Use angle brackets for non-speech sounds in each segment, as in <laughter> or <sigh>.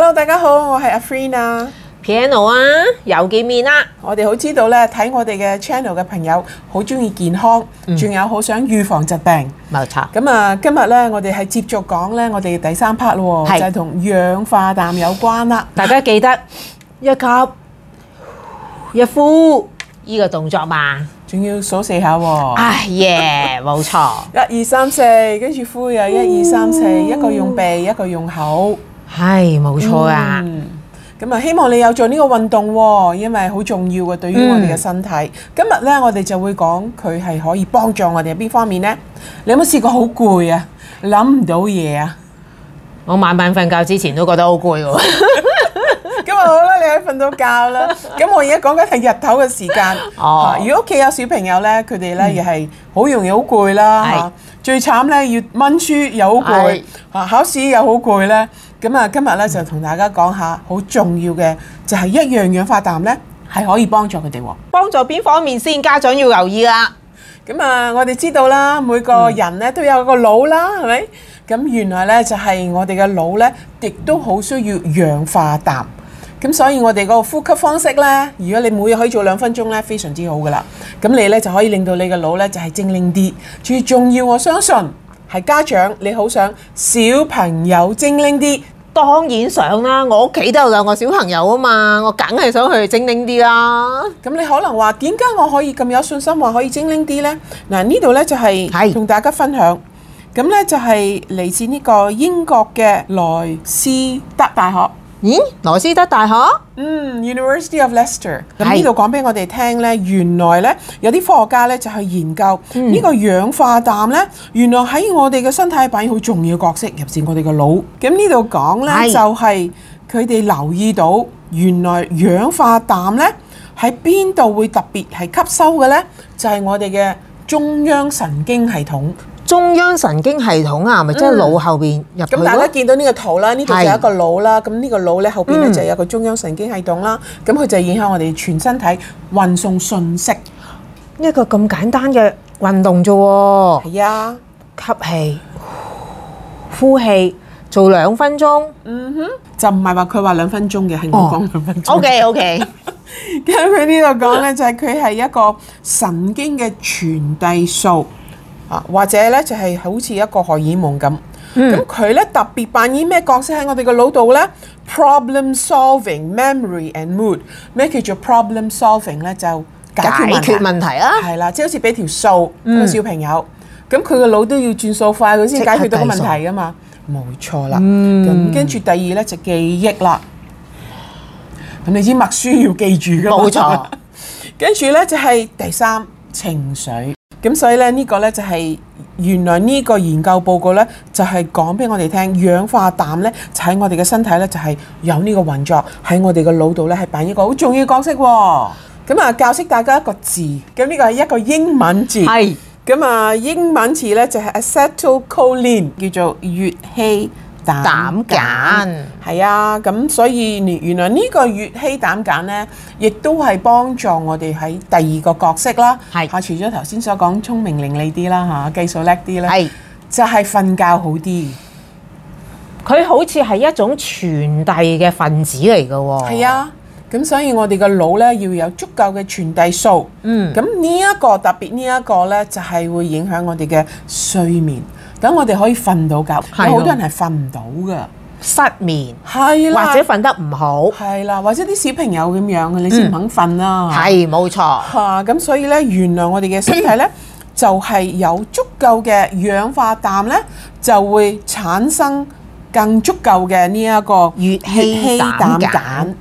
Hello，大家好，我係阿 Frina 啊，Piano 啊，又見面啦。我哋好知道咧，睇我哋嘅 channel 嘅朋友好中意健康，仲、嗯、有好想預防疾病，冇錯。咁啊，今日咧，我哋係繼續講咧，我哋第三 part 咯，就係、是、同一氧化氮有關啦。大家記得一吸一呼依、這個動作嘛，仲要數四下喎、啊。哎、啊、耶，冇、yeah, 錯，一二三四，跟住呼又一二三四，一個用鼻，一個用口。係冇錯啊。咁啊、嗯、希望你有做呢個運動，因為好重要嘅，對於我哋嘅身體。今日咧，我哋就會講佢係可以幫助我哋邊方面咧。你有冇試過好攰啊？諗唔到嘢？啊，我晚晚瞓覺之前都覺得很 <laughs> <laughs> 好攰喎。咁啊好啦，你可以瞓到覺啦。咁 <laughs> 我而家講緊係日頭嘅時間。哦，如果屋企有小朋友咧，佢哋咧又係好容易好攰啦。係、哎、最慘咧，要溫書又好攰，啊、哎、考試又好攰咧。咁啊，今日咧就同大家講下好重要嘅，就係一氧化氮咧，係可以幫助佢哋。幫助邊方面先？家長要留意啦。咁啊，我哋知道啦，每個人咧都有個腦啦，嗯，係咪？咁原來咧就係我哋嘅腦咧，亦都好需要一氧化氮。咁所以我哋個呼吸方式咧，如果你每日可以做兩分鐘咧，非常之好㗎喇。咁你咧就可以令到你嘅腦咧就係精靈啲。最重要，我相信係家長，你好想小朋友精靈啲。當然想啦，我屋企都有兩個小朋友啊嘛，我梗係想去精靈啲啦。咁你可能話點解我可以咁有信心話可以精靈啲呢？咦？羅斯德大學，嗯，University of Leicester。咁呢度講俾我哋聽呢，原來呢有啲科學家呢就去研究呢個氧化氮呢，原來喺我哋嘅身體扮演好重要角色，入邊我哋嘅腦。咁呢度講呢就係佢哋留意到，原來氧化氮呢喺邊度會特別係吸收嘅呢，就係我哋嘅中央神經系統。中央神經系統啊，咪即係腦後邊入去咯。咁大家見到呢個圖啦，呢度就有一個腦啦。咁呢個腦咧後邊咧就有個中央神經系統啦。咁佢就影響我哋全身體運送信息。一個咁簡單嘅運動啫，係啊，吸氣、呼氣，做兩分鐘。嗯哼，就唔係話佢話兩分鐘嘅，係我講兩分鐘。OK，OK。因為佢呢度講咧，就係佢係一個神經嘅傳遞數。啊、或者咧就係、是、好似一個荷爾蒙咁，咁佢咧特別扮演咩角色喺我哋嘅腦度咧？Problem solving, memory and mood，咩叫做 problem solving 咧？就解決問題啦，係啦、啊，即係好似俾條數，個小朋友咁佢個腦都要轉數快，佢、嗯、先解決到個問題噶嘛。冇錯啦，咁、嗯、跟住第二咧就記憶啦。咁、嗯、你知默書要記住噶嘛？冇錯， <laughs> 跟住咧就係、是、第三情緒。咁所以咧，呢個咧就係原來呢個研究報告咧，就係講俾我哋聽，氧化氮咧就喺我哋嘅身體咧，就係有呢個運作喺我哋嘅腦度咧，係扮演一個好重要角色喎。咁啊，教識大家一個字，咁呢個係一個英文字，係咁啊，英文字咧就係 acetylcholine，叫做乙醯。膽鹼，係啊，咁所以原來呢個乙酰膽鹼呢，亦都係幫助我哋喺第二個角色啦。係啊，除咗頭先所講聰明伶俐啲啦，嚇技術叻啲啦，係就係、是、瞓覺好啲。佢好似係一種傳遞嘅分子嚟嘅喎。係啊，咁、啊、所以我哋嘅腦呢，要有足夠嘅傳遞素。嗯，咁呢一個特別呢一個呢，就係、是、會影響我哋嘅睡眠。等我哋可以瞓到覺，有好多人係瞓唔到嘅失眠，係啦，或者瞓得唔好，係啦，或者啲小朋友咁樣嘅、嗯，你先唔肯瞓啦、啊，係冇錯嚇。咁、啊、所以咧，原來我哋嘅身體咧 <coughs> 就係、是、有足夠嘅氧化氮咧，就會產生更足夠嘅呢一個乙醯膽鹼，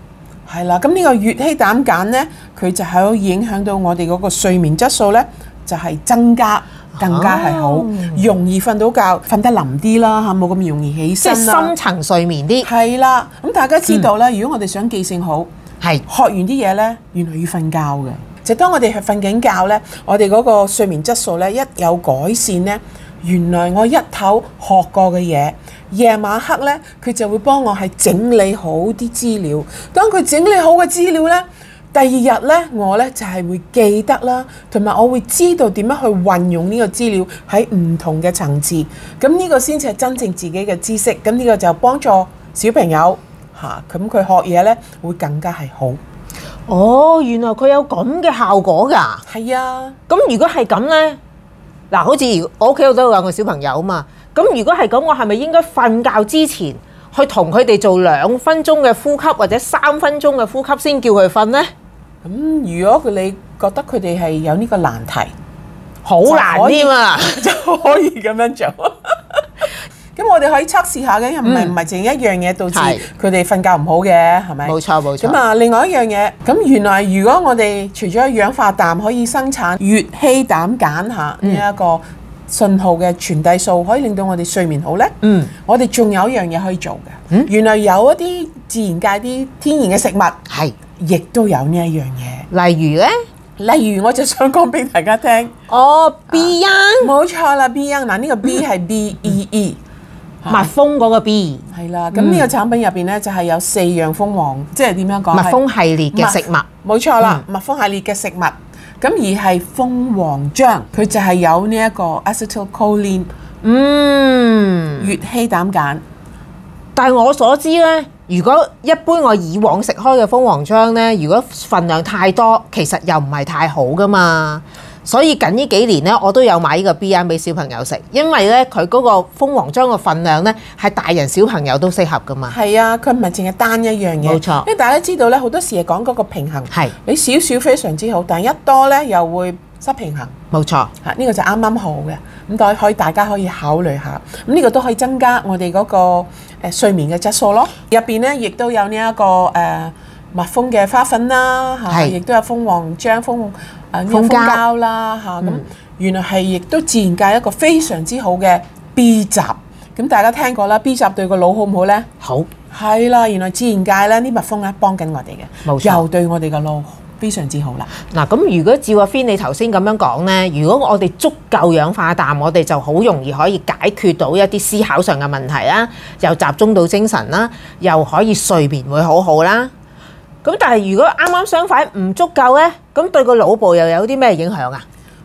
係啦。咁呢個乙醯膽鹼咧，佢就係會影響到我哋嗰個睡眠質素咧，就係、是、增加。更加係好，oh. 容易瞓到覺，瞓得腍啲啦嚇，冇咁容易起身，即係深層睡眠啲。係啦，咁大家知道咧、嗯，如果我哋想記性好，係、嗯、學完啲嘢咧，原來要瞓覺嘅。就當我哋係瞓緊覺咧，我哋嗰個睡眠質素咧一有改善咧，原來我一頭學過嘅嘢，夜晚黑咧佢就會幫我係整理好啲資料。當佢整理好嘅資料咧。第二日咧，我咧就係、是、會記得啦，同埋我會知道點樣去運用呢個資料喺唔同嘅層次。咁呢個先至係真正自己嘅知識。咁呢個就幫助小朋友吓，咁、啊、佢學嘢咧會更加係好。哦，原來佢有咁嘅效果㗎。係啊。咁如果係咁咧，嗱，好似我屋企都有兩個小朋友啊嘛。咁如果係咁，我係咪應該瞓覺之前去同佢哋做兩分鐘嘅呼吸或者三分鐘嘅呼吸先叫佢瞓咧？咁如果佢你覺得佢哋係有呢個難題，好難添啊，就可以咁樣做。咁我哋可以測試下嘅，又唔係唔係淨係一樣嘢導致佢哋瞓覺唔好嘅，係咪？冇錯冇錯。咁啊，另外一樣嘢，咁原來如果我哋除咗一氧化氮可以生產，乙酰膽鹼吓呢一個信號嘅傳遞素，可以令到我哋睡眠好咧。嗯，我哋仲有一樣嘢可以做嘅。嗯，原來有一啲自然界啲天然嘅食物係。亦都有呢一樣嘢，例如呢？例如我就想講俾大家聽， <laughs> 哦，B 音，冇、啊、錯啦，B 音，嗱呢個 B 係 B E E，蜜蜂嗰個 B，係啦，咁呢個產品入邊呢，就係有四樣蜂王，嗯、即係點樣講、嗯？蜜蜂系列嘅食物，冇錯啦，蜜蜂系列嘅食物，咁而係蜂王漿，佢就係有呢一個 acetylcholine，嗯，乙醯膽鹼，但係我所知呢。如果一般我以往食開嘅蜂王漿咧，如果份量太多，其實又唔係太好噶嘛。所以近呢幾年咧，我都有買呢個 B 誒睡眠嘅質素咯，入邊咧亦都有呢一個誒蜜蜂嘅花粉啦，嚇，亦都有蜂王漿蜂啊蜂膠啦嚇，咁原來係亦都自然界一個非常之好嘅 B 雜，咁大家聽過啦，B 雜對個腦好唔好咧？好，係啦，原來自然界咧，啲蜜蜂咧幫緊我哋嘅，又對我哋個腦。非常之好啦！嗱，咁如果照阿 Fin 你頭先咁樣講呢，如果我哋足夠氧化氮，我哋就好容易可以解決到一啲思考上嘅問題啦，又集中到精神啦，又可以睡眠會好好啦。咁但係如果啱啱相反唔足夠呢，咁對個腦部又有啲咩影響啊？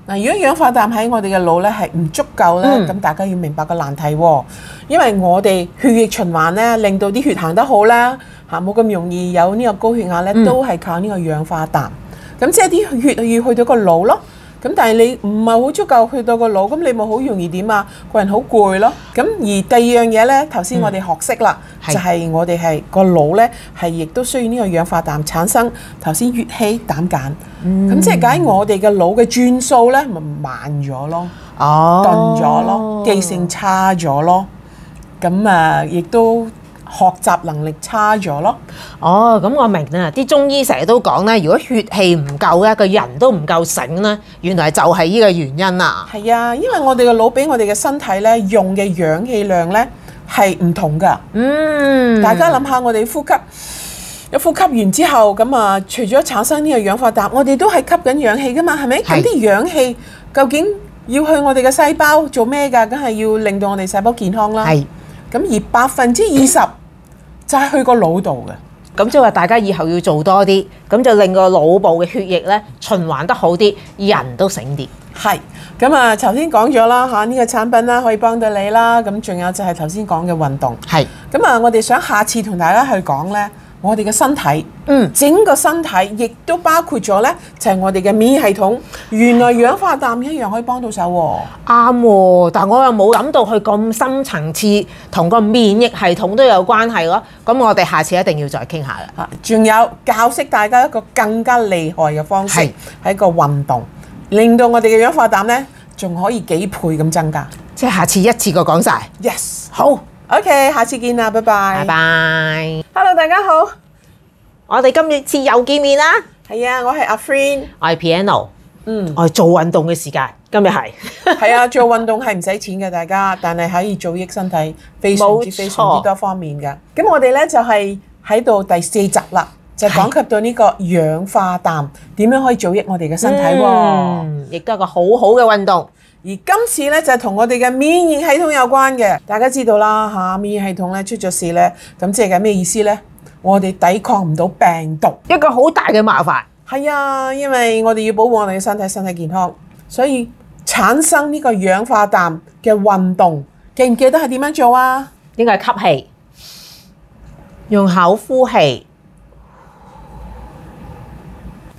嗱，如果氧化氮喺我哋嘅腦咧係唔足夠咧，咁、嗯、大家要明白個難題喎。因為我哋血液循環咧，令到啲血行得好啦，嚇冇咁容易有呢個高血壓咧，都係靠呢個氧化氮。咁、嗯、即係啲血要去到個腦咯。咁但係你唔係好足夠去到個腦，咁你咪好容易點啊？個人好攰咯。咁而第二樣嘢咧，頭先我哋學識啦，就係我哋係個腦咧，係亦都需要呢個氧化氮產生。頭先乙醯膽鹼，咁即係解我哋嘅腦嘅轉數咧，咪慢咗咯，鈍咗咯，記性差咗咯。咁啊，亦都，學習能力差咗咯、哦。哦，咁我明啦。啲中醫成日都講咧，如果血氣唔夠咧，個人都唔夠醒啦。原來就係呢個原因啊。係啊，因為我哋嘅腦俾我哋嘅身體咧用嘅氧氣量咧係唔同噶。嗯，大家諗下我哋呼吸，有呼吸完之後咁啊，除咗產生呢個氧化氮，我哋都係吸緊氧氣噶嘛，係咪？咁啲氧氣究竟要去我哋嘅細胞做咩㗎？梗係要令到我哋細胞健康啦。係。咁而百分之二十。 <coughs> 就係、係、去個腦度嘅，咁即係話大家以後要做多啲，咁就令個腦部嘅血液咧循環得好啲，人都醒啲。係，咁啊頭先講咗啦嚇，呢、啊呢個產品啦，可以幫到你啦，咁仲有就係頭先講嘅運動。係，咁啊我哋想下次同大家去講咧。我哋嘅身體，嗯，整個身體亦都包括咗呢，就係我哋嘅免疫系統。原來氧化氮一樣可以幫到手喎。啱喎、哦，但我又冇諗到佢咁深層次，同個免疫系統都有關係咯。咁我哋下次一定要再傾下啦。仲有教識大家一個更加厲害嘅方式，係一個運動，令到我哋嘅氧化氮呢，仲可以幾倍咁增加。即係下次一次過講晒，Yes，好。OK，下次見啦，拜拜。拜拜。Hello，大家好。我哋今日次又見面啦。係啊，我係阿 Friend，我係 Piano。嗯，我係做運動嘅時間，今日係。係 <laughs> 啊，做運動係唔使錢嘅，大家，但係可以做益身體，非常之非常之多方面嘅。咁我哋咧就係喺度第四集啦，就講及到呢個氧化氮點樣可以做益我哋嘅身體，嗯，亦都係一個好好嘅運動。而今次咧就係同我哋嘅免疫系統有關嘅，大家知道啦嚇、啊。免疫系統咧出咗事咧，咁即係咩意思咧？我哋抵抗唔到病毒，一個好大嘅麻煩。係啊，因為我哋要保護我哋嘅身體身體健康，所以產生呢個氧化氮嘅運動，記唔記得係點樣做啊？應該係吸氣，用口呼氣。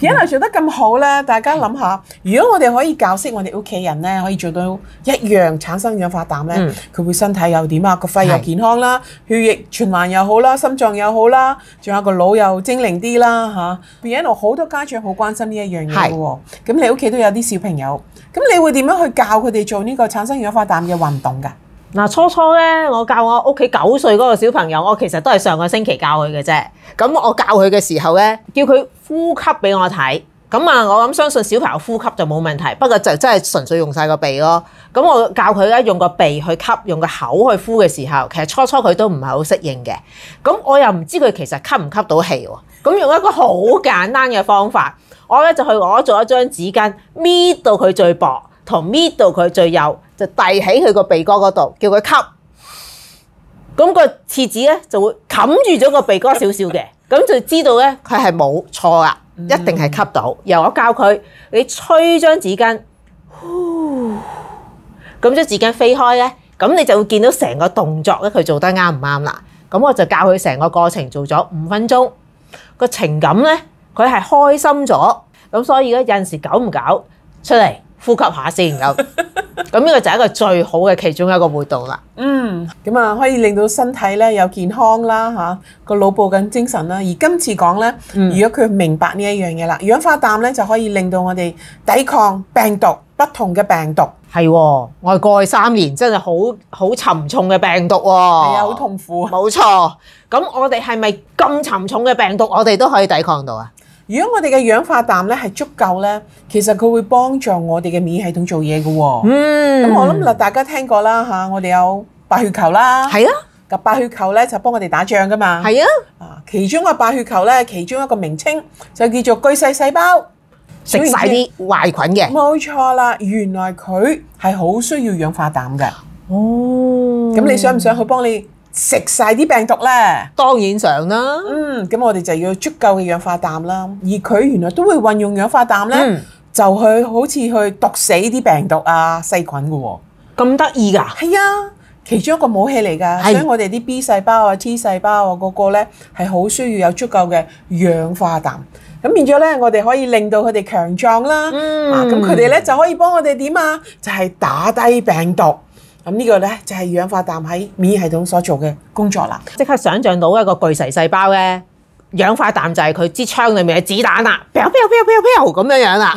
Yeno、嗯、做得咁好咧，大家諗下，如果我哋可以教識我哋屋企人咧，可以做到一樣產生氧化氮咧，佢、嗯、會身體又點啊？個肺又健康啦，血液循環又好啦，心臟又好啦，仲有個腦又精靈啲啦嚇。Yeno、啊、好、嗯、多家長好關心呢一樣嘢喎，咁你屋企都有啲小朋友，咁你會點樣去教佢哋做呢個產生氧化氮嘅運動㗎？嗱、啊，初初咧，我教我屋企九歲嗰個小朋友，我其實都係上個星期教佢嘅啫。咁我教佢嘅時候咧，叫佢呼吸俾我睇。咁啊，我諗相信小朋友呼吸就冇問題，不過就真係純粹用晒個鼻咯。咁我教佢咧用個鼻去吸，用個口去呼嘅時候，其實初初佢都唔係好適應嘅。咁我又唔知佢其實吸唔吸到氣喎。咁用一個好簡單嘅方法，我咧就去攞咗一張紙巾，搣到佢最薄，同搣到佢最幼。就遞喺佢、那個、個鼻哥嗰度，叫佢吸，咁個廁紙咧就會冚住咗個鼻哥少少嘅，咁就知道咧佢係冇錯啊，一定係吸到。由、嗯、我教佢，你吹張紙巾，呼，咁張紙巾飛開咧，咁你就會見到成個動作咧佢做得啱唔啱啦。咁我就教佢成個過程做咗五分鐘，個情感咧佢係開心咗，咁所以咧有陣時久唔久出嚟。呼吸下先咁，咁 <laughs> 呢個就係一個最好嘅其中一個活動啦。嗯，咁啊可以令到身體咧有健康啦嚇，個腦部緊精神啦。而今次講咧、嗯，如果佢明白呢一樣嘢啦，氧化氮咧就可以令到我哋抵抗病毒，不同嘅病毒係喎。我哋過去三年真係好好沉重嘅病毒喎。係啊，好痛苦。冇錯，咁我哋係咪咁沉重嘅病毒，我哋都可以抵抗到啊？如果我哋嘅氧化氮咧係足夠咧，其實佢會幫助我哋嘅免疫系統做嘢嘅喎。嗯，咁我諗嗱，大家聽過啦嚇，我哋有白血球啦。係啊，個白血球咧就是幫我哋打仗噶嘛。係啊，啊其中嘅白血球咧，其中一個名稱就叫做巨細細胞，食曬啲壞菌嘅。冇錯啦，原來佢係好需要氧化氮嘅。哦，咁你想唔想去幫你？食晒啲病毒咧，當然想啦。嗯，咁我哋就要有足夠嘅氧化氮啦。而佢原來都會運用氧化氮咧、嗯，就去好似去毒死啲病毒啊細菌嘅喎。咁得意噶？係啊，其中一個武器嚟㗎。所以我哋啲 B 細胞啊、T 細胞啊，嗰個咧係好需要有足夠嘅氧化氮。咁變咗咧，我哋可以令到佢哋強壯啦。嗯，咁佢哋咧就可以幫我哋點啊？就係、是、打低病毒。咁、這、呢個咧就係氧化氮喺免疫系統所做嘅工作啦。即刻想像到一個巨噬細胞咧，氧化氮就係佢支槍裏面嘅子彈啦，鏘鏘鏘鏘鏘咁樣樣啦。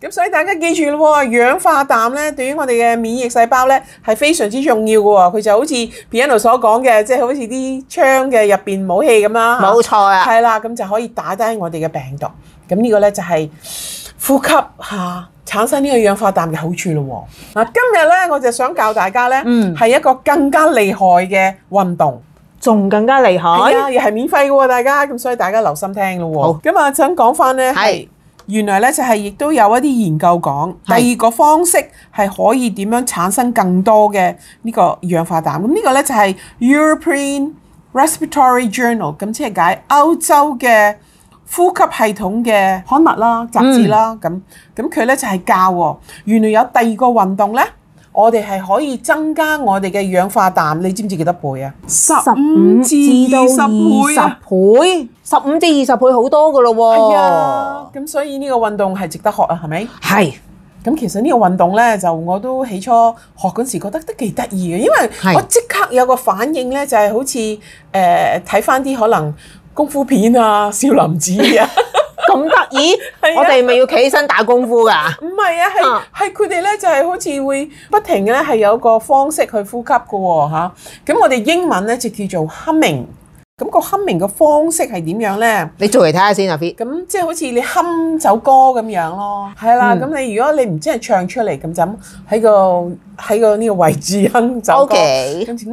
咁所以大家記住咯，氧化氮咧對於我哋嘅免疫細胞咧係非常之重要嘅。佢就好似 Piano 所講嘅，即、就、係、是、好似啲槍嘅入邊武器咁啦。冇錯啊，係啦，咁就可以打低我哋嘅病毒。咁、這、呢個咧就係呼吸下。啊產生呢個氧化氮嘅好處咯，嗱，今日呢，我就想教大家咧，係、嗯、一個更加厲害嘅運動，仲更加厲害，又係、啊、免費嘅喎，大家。咁所以大家留心聽咯，咁啊想講返呢，係原來呢，就係亦都有一啲研究講第二個方式係可以點樣產生更多嘅呢個氧化氮。咁呢個呢，就係 European Respiratory Journal，咁即係解歐洲嘅。呼吸系統嘅刊物啦、雜誌啦，咁咁佢咧就係、是、教喎。原來有第二個運動咧，我哋係可以增加我哋嘅氧化氮。你知唔知幾多倍啊？十五至二十倍，啊、倍，十五至二十倍好多噶咯喎。啊，咁、啊、所以呢個運動係值得學啊，係咪？係。咁其實呢個運動咧，就我都起初學嗰時覺得都幾得意嘅，因為我即刻有個反應咧，就係、是、好似誒睇翻啲可能功夫片啊，少林寺啊，咁得意，我哋咪要企起身打功夫噶？唔係啊，係係佢哋咧就係好似會不停咧，係有個方式去呼吸噶喎嚇。咁我哋英文咧就叫做 humming。咁個 humming 個方式係點樣咧？你做嚟睇下先啊，Fit。咁即係好似你哼首歌咁樣咯。係啦，咁你如果你唔真係唱出嚟咁就喺個喺個呢個位置哼首歌。O K。即係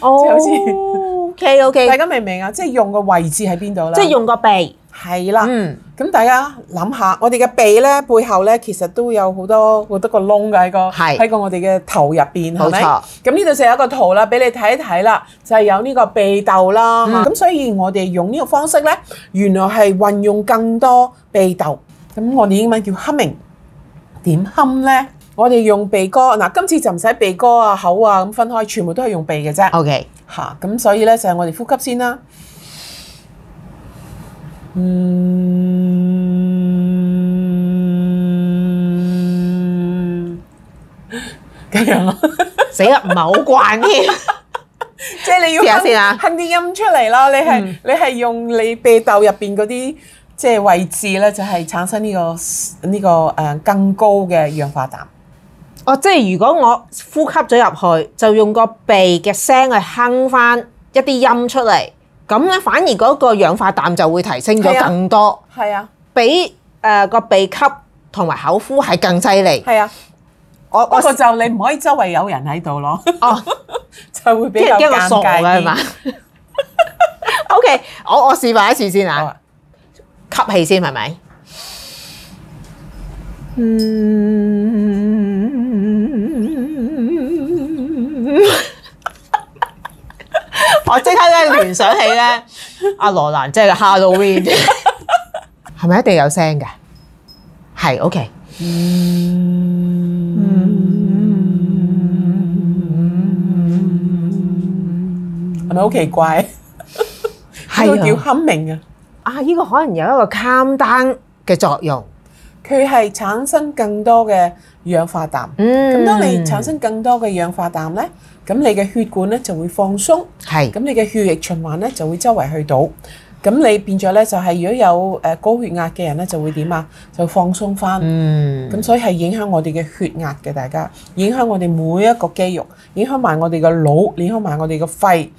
好似。Okay, okay，大家明唔明啊？即係用個位置喺邊度啦？即係用個鼻係啦。嗯，咁大家諗下，我哋嘅鼻咧背後咧，其實都有好多好多個窿嘅喺個喺個我哋嘅頭入邊，係咪？咁呢度就有一個圖啦，俾你睇一睇啦。就係、是、有呢個鼻竇啦。咁、嗯、所以我哋用呢個方式咧，原來係運用更多鼻竇。咁我哋英文叫 Humming，點 Hum 咧？我哋用鼻哥，嗱，今次就唔使鼻哥啊、口啊咁分開，全部都係用鼻嘅啫。OK，嚇咁所以咧就係我哋呼吸先啦。嗯，咁樣死啦，唔係好慣添。即係你要試下先啊，哼啲音出嚟咯。你係你係用你鼻竇入邊嗰啲即係位置咧，就係產生呢個呢個誒更高嘅一氧化氮。哦，即係如果我呼吸咗入去，就用個鼻嘅聲去哼翻一啲音出嚟，咁咧反而嗰個氧化氮就會提升咗更多。係啊，啊，比誒個、呃、鼻吸同埋口呼係更犀利。係啊，我我不過就你唔可以周圍有人喺度咯。哦， <laughs> 就會比較尷尬。 <laughs> o、okay, K，我我示範一次先啊，吸氣先係咪？嗯。我即刻咧聯想起咧阿羅蘭即係，Halloween，係咪一定有聲嘅？係，OK，係咪好奇怪？係，呢個叫 calming 啊！啊，呢個可能有一個 calming 嘅作用。佢係產生更多嘅氧化氮，咁、嗯、當你產生更多嘅氧化氮咧，咁你嘅血管咧就會放鬆，係、咁你嘅血液循環咧就會周圍去到，咁你變咗咧就係如果有誒高血壓嘅人咧就會點啊？就放鬆翻，咁、嗯、所以係影響我哋嘅血壓嘅，大家影響我哋每一個肌肉，影響埋我哋嘅腦，影響埋我哋嘅肺。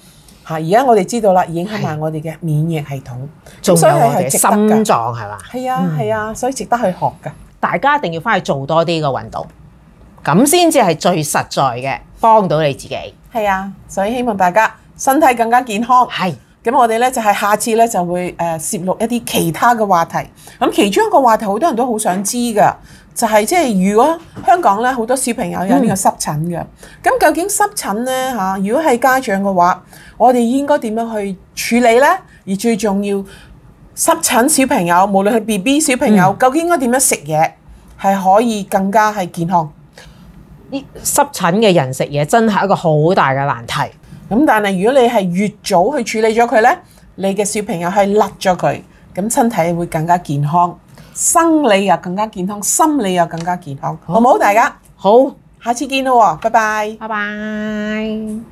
嚇！而家我哋知道啦，影響埋我哋嘅免疫系統，仲有我哋心臟係嘛？係啊係啊，所以值得去學㗎。嗯。大家一定要返去做多啲個運動，咁先至係最實在嘅，幫到你自己。係啊，所以希望大家身體更加健康。係，咁我哋咧就係下次咧就會誒攝錄一啲其他嘅話題。咁其中一個話題好多人都好想知㗎。.就係即係，如果香港咧好多小朋友有呢個濕疹嘅，咁、嗯、究竟濕疹呢？如果係家長嘅話，我哋應該點樣去處理呢？而最重要，濕疹小朋友無論係 BB 小朋友，究竟應該點樣食嘢係可以更加係健康？濕疹嘅人食嘢真係一個好大嘅難題。咁但係如果你係越早去處理咗佢呢，你嘅小朋友係甩咗佢，咁身體會更加健康。生理又更加健康，心理又更加健康，好唔好？好，好。大家好，下次見咯，拜拜，拜拜。